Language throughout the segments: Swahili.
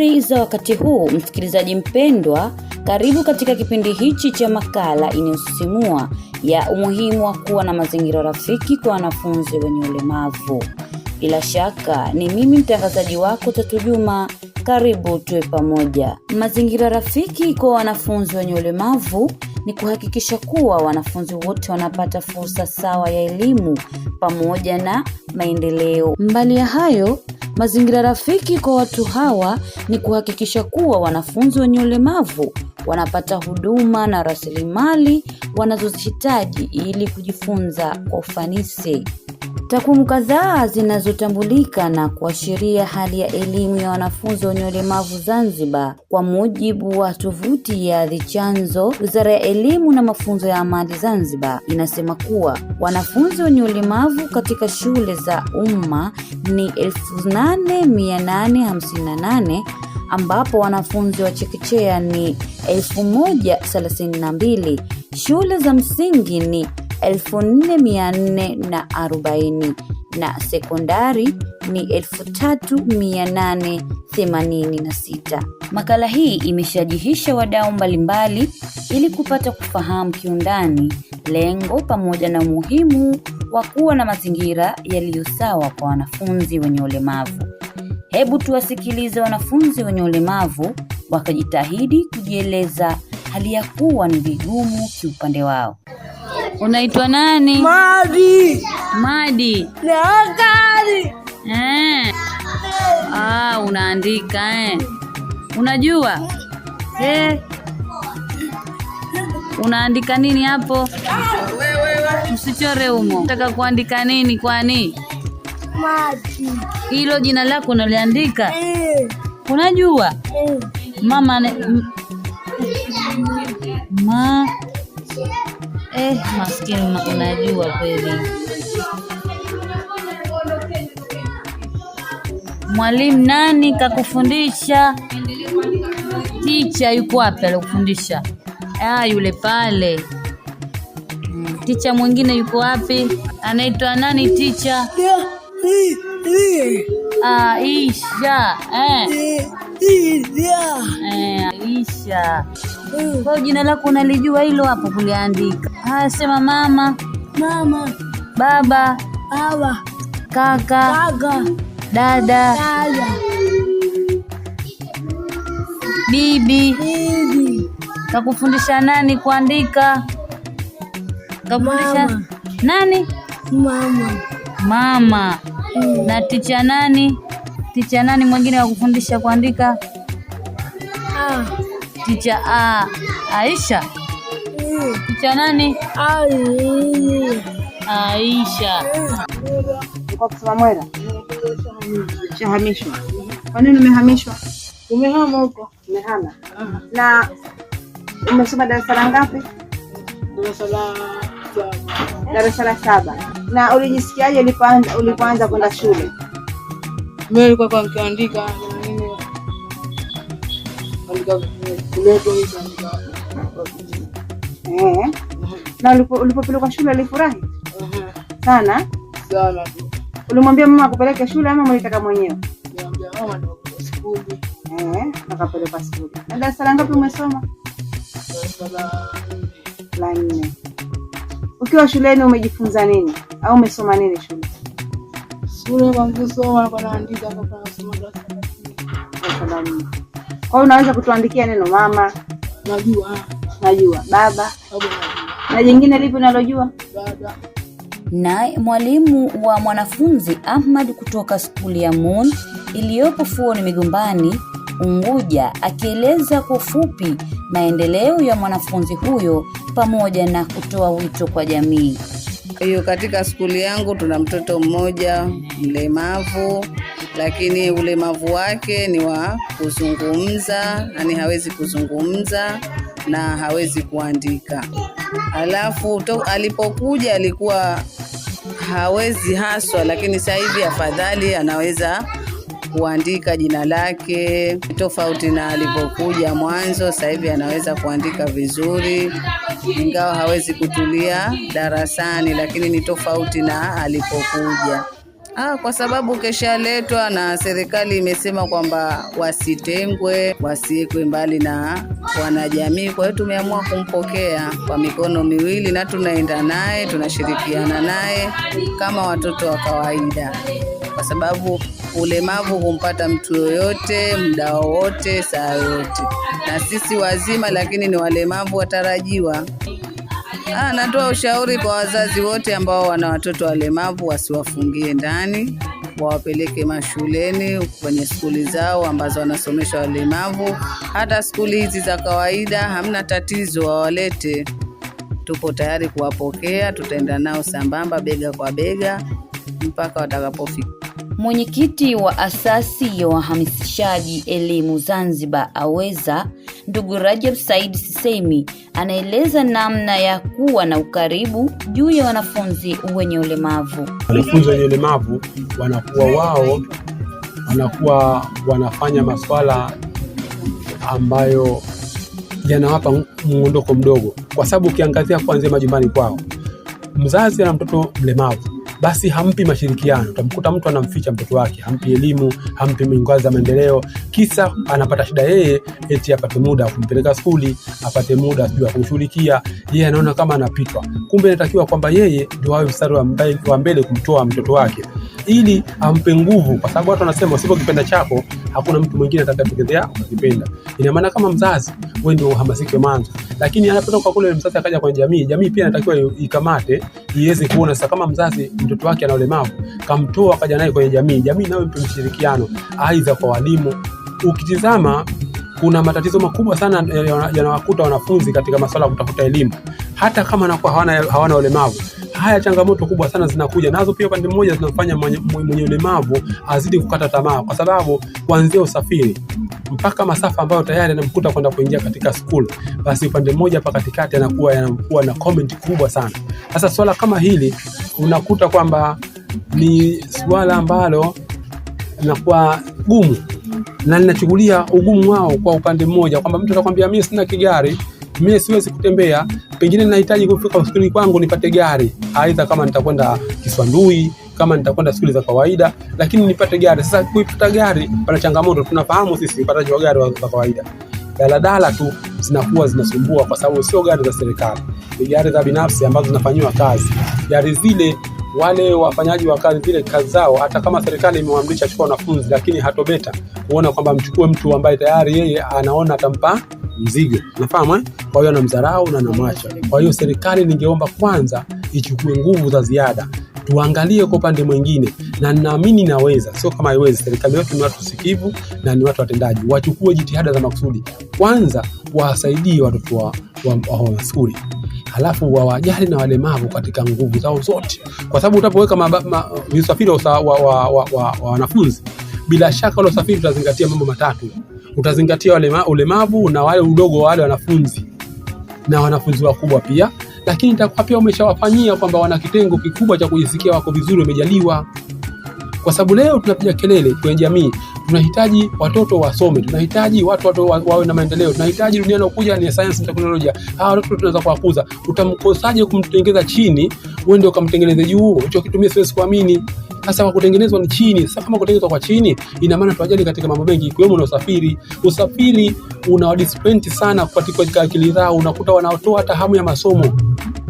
habari za wakati huu msikilizaji mpendwa karibu katika kipindi hichi cha makala inayosisimua ya umuhimu wa kuwa na mazingira rafiki kwa wanafunzi wenye ulemavu bila shaka ni mimi mtangazaji wako tatu juma karibu tuwe pamoja mazingira rafiki kwa wanafunzi wenye ulemavu ni kuhakikisha kuwa wanafunzi wote wanapata fursa sawa ya elimu pamoja na maendeleo. Mbali ya hayo, mazingira rafiki kwa watu hawa ni kuhakikisha kuwa wanafunzi wenye ulemavu wanapata huduma na rasilimali wanazozihitaji ili kujifunza kwa ufanisi. Takwimu kadhaa zinazotambulika na kuashiria hali ya elimu ya wanafunzi wenye ulemavu Zanzibar, kwa mujibu wa tovuti ya The Chanzo, Wizara ya elimu na mafunzo ya amali Zanzibar inasema kuwa wanafunzi wenye ulemavu katika shule za umma ni 8858 ambapo wanafunzi wa chekechea ni 1032, shule za msingi ni 4440 na sekondari ni 3886. Makala hii imeshajihisha wadau mbalimbali ili kupata kufahamu kiundani lengo pamoja na umuhimu wa kuwa na mazingira yaliyo sawa kwa wanafunzi wenye ulemavu. Hebu tuwasikilize wanafunzi wenye ulemavu wakajitahidi kujieleza hali ya kuwa ni vigumu kiupande wao. Unaitwa nani? Madi. Madi. Naakari. Eh. Ah, unaandika eh. Unajua? Eh. Unaandika nini hapo? Usichore humo. Unataka kuandika nini kwani? Madi. Hilo jina lako unaliandika? Eh. Unajua? Eh. Mama ne... Ma Eh, maskini unajua kweli. Mwalimu nani kakufundisha? Ticha yuko wapi alikufundisha? Ah, yule pale. Hmm, ticha mwingine yuko wapi? Anaitwa nani ticha? Ah, Isha. Eh. Eh, eh Isha mm. Kwa jina lako unalijua hilo hapo kuliandika. Haya, sema mama, mama, baba, awa kaka, kaka, dada, dada, bibi, bibi. Kakufundisha nani kuandika? Kakufundisha mama. Nani? Mama, mama. Mm. Na ticha nani? Ticha nani mwingine kakufundisha kuandika? Ah. Picha a Aisha. Picha nani? Aisha. Kwa kusema mwera. Shahamishwa. Kwa nini umehamishwa? Umehama huko. Umehama. Na umesoma darasa la ngapi? Darasa la saba. Na ulijisikiaje ulipoanza kwenda shule? Mimi nilikuwa nikiandika Eh? Na ulipopelekwa shule alifurahi uh-huh. sana sana. Ulimwambia mama akupeleke shule ama mlitaka mwenyewe? Eh, Akapelekwa shule. Na darasa la ngapi umesoma? La nne. Ukiwa shuleni umejifunza nini au umesoma nini shule? Shule kwanza soma na kuandika kwa kusoma darasa la nne. Kwa hiyo unaweza kutuandikia neno mama, najua najua baba, na jingine lipi unalojua? Naye mwalimu wa mwanafunzi Ahmad kutoka skuli ya Moon iliyopo Fuoni Migombani, Unguja, akieleza kwa ufupi maendeleo ya mwanafunzi huyo pamoja na kutoa wito kwa jamii. Hiyo katika skuli yangu tuna mtoto mmoja mlemavu lakini ulemavu wake ni wa kuzungumza, yani hawezi kuzungumza na hawezi kuandika. Alafu to, alipokuja alikuwa hawezi haswa, lakini sasa hivi afadhali anaweza kuandika jina lake, tofauti na alipokuja mwanzo. Sasa hivi anaweza kuandika vizuri, ingawa hawezi kutulia darasani, lakini ni tofauti na alipokuja. Ah, kwa sababu keshaletwa na serikali imesema kwamba wasitengwe, wasiwekwe mbali na wanajamii. Kwa hiyo tumeamua kumpokea kwa mikono miwili na tunaenda naye, tunashirikiana naye kama watoto wa kawaida, kwa sababu ulemavu humpata mtu yoyote, muda wowote, saa yoyote, na sisi wazima lakini ni walemavu watarajiwa. Anatoa ah, ushauri kwa wazazi wote ambao wana watoto walemavu wasiwafungie ndani, wawapeleke mashuleni kwenye skuli zao ambazo wanasomesha walemavu. Hata skuli hizi za kawaida hamna tatizo, wawalete. Tuko tayari kuwapokea, tutaenda nao sambamba, bega kwa bega mpaka watakapofika. Mwenyekiti wa asasi ya wahamasishaji elimu Zanzibar aweza Ndugu Rajab Said Sisemi anaeleza namna ya kuwa na ukaribu juu ya wanafunzi wenye ulemavu. Wanafunzi wenye ulemavu wanakuwa wao wanakuwa wanafanya masuala ambayo yanawapa muondoko mdogo, kwa sababu ukiangazia kuanzia majumbani kwao, mzazi ana mtoto mlemavu basi hampi mashirikiano. Utamkuta mtu anamficha mtoto wake, hampi elimu, hampi ngazi za maendeleo, kisa anapata shida yeye, eti apate muda wa kumpeleka skuli, apate muda sijui wa kumshughulikia yeye, anaona kama anapitwa. Kumbe inatakiwa kwamba yeye ndio awe mstari wa mbele kumtoa mtoto wake, ili ampe nguvu, kwa sababu watu wanasema usipokipenda chako hakuna mtu mwingine atakayekutetea unakipenda. Ina maana kama mzazi wewe ndio uhamasike mwanzo, lakini kwa kule mzazi akaja kwenye jamii, jamii pia inatakiwa ikamate iweze kuona sasa, kama mzazi mtoto wake ana ulemavu kamtoa akaja naye kwenye jamii, jamii nayo mpe mshirikiano, aidha kwa walimu. Ukitizama kuna matatizo makubwa sana yanawakuta wanafunzi katika masuala ya kutafuta elimu, hata kama anakuwa hawana, hawana ulemavu haya changamoto kubwa sana zinakuja nazo pia, upande mmoja zinamfanya mwenye ulemavu azidi kukata tamaa, kwa sababu kuanzia usafiri mpaka masafa ambayo tayari anamkuta kwenda kuingia katika school, basi upande mmoja hapa katikati anakuwa yanakuwa na comment kubwa sana. Sasa swala kama hili unakuta kwamba ni swala ambalo linakuwa gumu na linachukulia ugumu wao kwa upande mmoja, kwamba mtu atakwambia mimi sina kigari mimi siwezi kutembea, pengine nahitaji kufika hospitali kwangu nipate gari, aidha kama nitakwenda Kiswandui kama nitakwenda shule za kawaida, lakini nipate gari. Sasa kuipata gari pana changamoto, tunafahamu sisi upataji wa gari za kawaida. Daladala tu zinakuwa zinasumbua, kwa sababu sio gari za serikali, ni gari za binafsi ambazo zinafanyiwa kazi. Gari zile wale wafanyaji wa kazi zile kazi zao, hata kama serikali imewaamrisha chukua wanafunzi, lakini hatobeta kuona kwamba mchukue mtu ambaye tayari yeye anaona atampa mzigo, unafahamu eh? Kwa hiyo anamdharau na anamwacha. Kwa hiyo serikali, ningeomba kwanza ichukue nguvu za ziada, tuangalie kwa upande mwingine, na ninaamini naweza, sio kama haiwezi. Serikali yetu ni watu sikivu na ni watu watendaji, wachukue jitihada za makusudi, kwanza wasaidie watoto wa, wa, wa wa, wa skuli halafu wawajali na walemavu katika nguvu zao zote, kwa sababu utapoweka usafiri wa wanafunzi, bila shaka ule usafiri utazingatia mambo matatu utazingatia ulema, ulemavu na wale udogo wa wale wanafunzi na wanafunzi wakubwa pia, lakini itakuwa pia umeshawafanyia kwamba wana kitengo kikubwa cha kujisikia wako vizuri, umejaliwa. Kwa sababu leo tunapiga kelele kwenye jamii, tunahitaji watoto wasome, tunahitaji watu watu wawe na maendeleo, tunahitaji dunia inayokuja ni science na teknolojia. Hawa watoto tunaweza kuwakuza. Utamkosaje kumtengeza chini, wewe ndio ukamtengeneze juu? Hicho kitu mimi siwezi kuamini. Sasa kwa kutengenezwa ni chini. Sasa kama kutengenezwa kwa chini, ina maana tuajali katika mambo mengi ikiwemo na usafiri. Usafiri unawadisappoint sana katika akili zao, unakuta wanaotoa hata hamu ya masomo.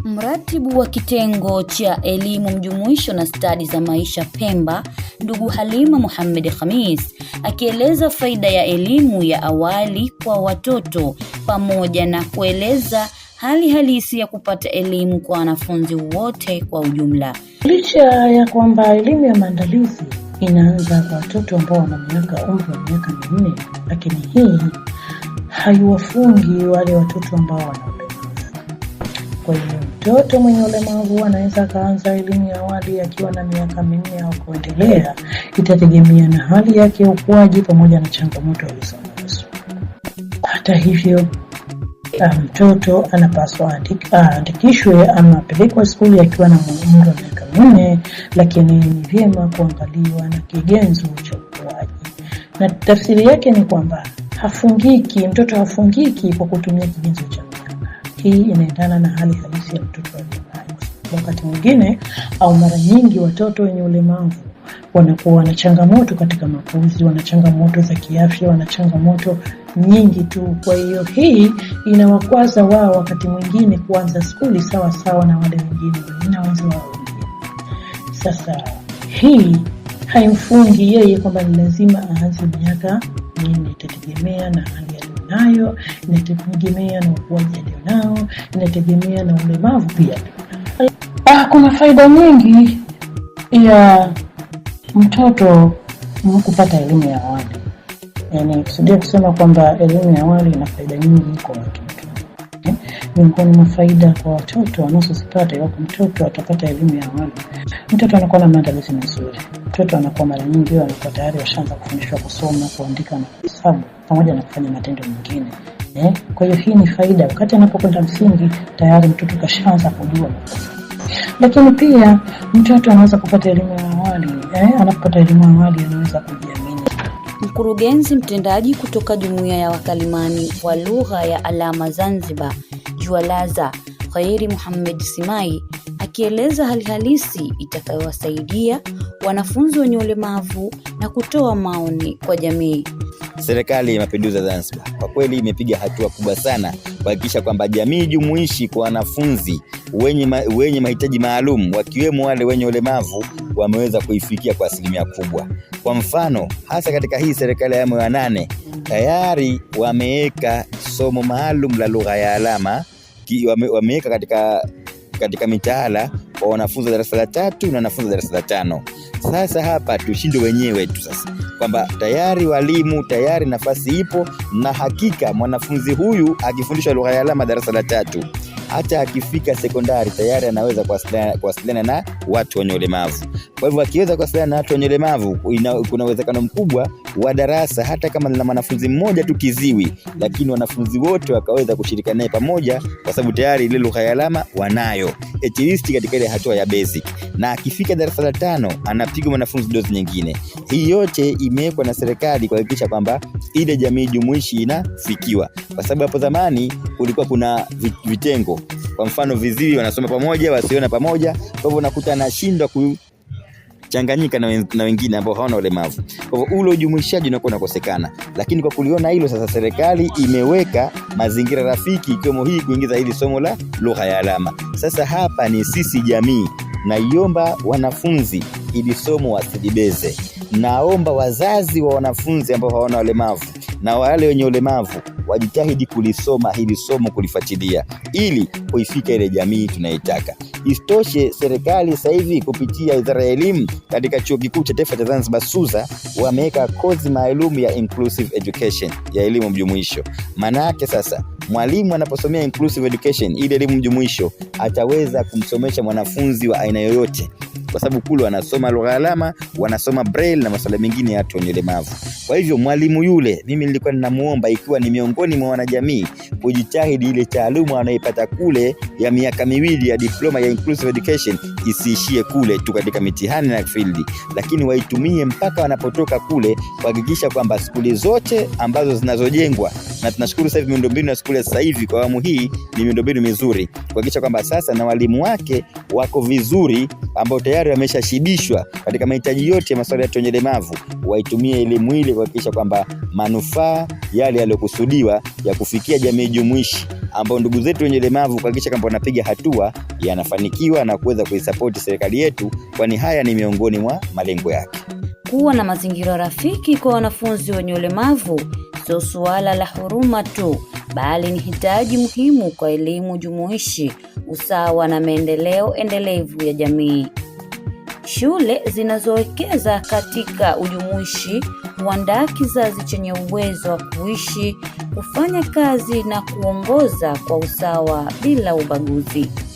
Mratibu wa kitengo cha elimu mjumuisho na stadi za maisha Pemba, ndugu Halima Muhammad Khamis, akieleza faida ya elimu ya awali kwa watoto pamoja na kueleza hali halisi ya kupata elimu kwa wanafunzi wote kwa ujumla. Licha ya kwamba elimu ya maandalizi inaanza kwa watoto ambao wana miaka umri wa miaka minne, lakini hii haiwafungi wale watoto ambao wana Kwa hiyo mtoto mwenye ulemavu anaweza akaanza elimu ya awali akiwa na miaka minne au kuendelea, itategemea na hali yake ya ukuaji pamoja na changamoto alizonazo. Hata hivyo mtoto anapaswa aandikishwe ama apelekwa skuli akiwa na umri nne, lakini ni vyema kuangaliwa na kigenzo cha ukuaji, na tafsiri yake ni kwamba hafungiki mtoto hafungiki kwa kutumia kigenzo cha miaka. Hii inaendana na hali halisi ya mtoto aliyo Wakati mwingine au mara nyingi watoto wenye ulemavu wanakuwa wana changamoto katika makuzi, wana changamoto za kiafya, wana changamoto nyingi tu. Kwa hiyo hii inawakwaza wao wakati mwingine kuanza skuli sawa sawa na wale wengine, inaweza wao sasa hii haimfungi yeye kwamba ni lazima aanze miaka minne. Itategemea na hali aliyonayo, inategemea na ukuaji alionao, inategemea na ulemavu pia. Ah, kuna faida nyingi ya mtoto kupata elimu ya awali, yaani kusudia kusema kwamba elimu ya awali ina faida nyingi kwa watu miongoni mwa faida kwa watoto wanazozipata iwapo mtoto atapata elimu ya awali, mtoto anakuwa na maandalizi mazuri. Mtoto anakuwa mara nyingi anakuwa tayari washaanza kufundishwa kusoma, kuandika na kuhesabu pamoja na kufanya matendo mengine. Eh, kwa hiyo hii ni faida. Wakati anapokwenda msingi tayari mtoto kashaanza kujua lakini pia mtoto anaweza kupata elimu ya awali eh, anapopata elimu ya awali anaweza kujiamini. Mkurugenzi mtendaji kutoka Jumuiya ya Wakalimani wa Lugha ya Alama Zanzibar Jualaza Khairi Muhammad Simai akieleza hali halisi itakayowasaidia wanafunzi wenye ulemavu na kutoa maoni kwa jamii. Serikali ya Mapinduzi ya Zanzibar kwa kweli imepiga hatua kubwa sana kuhakikisha kwamba jamii jumuishi kwa wanafunzi wenye, ma, wenye mahitaji maalum wakiwemo wale wenye ulemavu wameweza kuifikia kwa asilimia kubwa. Kwa mfano hasa katika hii serikali ya awamu ya nane tayari wameweka somo maalum la lugha ya alama wameweka katika katika mitaala wa wanafunzi wa darasa la tatu na wanafunzi wa darasa la tano. Sasa hapa tushinde wenyewe tu sasa, kwamba tayari walimu tayari nafasi ipo, na hakika mwanafunzi huyu akifundishwa lugha ya alama darasa la tatu, hata akifika sekondari tayari anaweza kuwasiliana na watu wenye ulemavu. Kwa hivyo akiweza kuwasiliana na watu wenye ulemavu, kuna uwezekano mkubwa wa darasa, hata kama lina mwanafunzi mmoja tu kiziwi, lakini wanafunzi wote wakaweza kushirika naye pamoja, kwa sababu tayari ile lugha ya alama wanayo at least katika ile hatua ya basic. Na akifika darasa la tano, anapigwa mwanafunzi dozi nyingine. Hii yote imewekwa na serikali kuhakikisha kwamba ile jamii jumuishi inafikiwa, kwa sababu hapo zamani kulikuwa kuna vitengo, kwa mfano viziwi wanasoma pamoja, wasiona pamoja, kwa hivyo unakuta anashindwa kuchanganyika na, wengine ambao hawana ulemavu. Kwa hivyo ule ujumuishaji unakuwa unakosekana, lakini kwa kuliona hilo sasa, serikali imeweka mazingira rafiki, ikiwemo hii kuingiza hili somo la lugha ya alama. Sasa hapa ni sisi jamii, naiomba wanafunzi ili somo wasijibeze Naomba wazazi wa wanafunzi ambao hawana ulemavu na wale wenye ulemavu wajitahidi kulisoma hili somo, kulifuatilia ili kuifika ile jamii tunaitaka. Isitoshe, serikali sasa hivi kupitia Wizara ya Elimu katika Chuo Kikuu cha Taifa cha Zanzibar SUZA wameweka kozi maalum ya inclusive education, ya elimu mjumuisho. Maana yake sasa mwalimu anaposomea inclusive education, ile elimu mjumuisho, ataweza kumsomesha mwanafunzi wa aina yoyote kwa sababu kule wanasoma lugha alama, wanasoma braille na masuala mengine ya watu wenye ulemavu. Kwa hivyo mwalimu yule, mimi nilikuwa ninamuomba ikiwa ni miongoni miongoni mwa wanajamii kujitahidi ile taaluma anaipata kule ya miaka miwili ya diploma ya inclusive education isiishie kule tu katika mitihani na field, lakini waitumie mpaka wanapotoka kule kuhakikisha kwamba skuli zote ambazo zinazojengwa, na tunashukuru sasa hivi miundombinu ya skuli sasa hivi kwa awamu hii ni miundombinu mizuri, kuhakikisha kwamba sasa na walimu wake wako vizuri, ambao tayari wameshashibishwa katika mahitaji yote ya masuala ya tonyelemavu waitumie elimu ile kuhakikisha kwamba manufaa yale yaliyokusudiwa kuchukuliwa ya kufikia jamii jumuishi ambao ndugu zetu wenye ulemavu kuhakikisha kwamba wanapiga hatua yanafanikiwa na kuweza kuisapoti serikali yetu, kwani haya ni miongoni mwa malengo yake. Kuwa na mazingira rafiki kwa wanafunzi wenye ulemavu sio suala la huruma tu, bali ni hitaji muhimu kwa elimu jumuishi, usawa na maendeleo endelevu ya jamii. Shule zinazowekeza katika ujumuishi huandaa kizazi chenye uwezo wa kuishi kufanya kazi na kuongoza kwa usawa bila ubaguzi.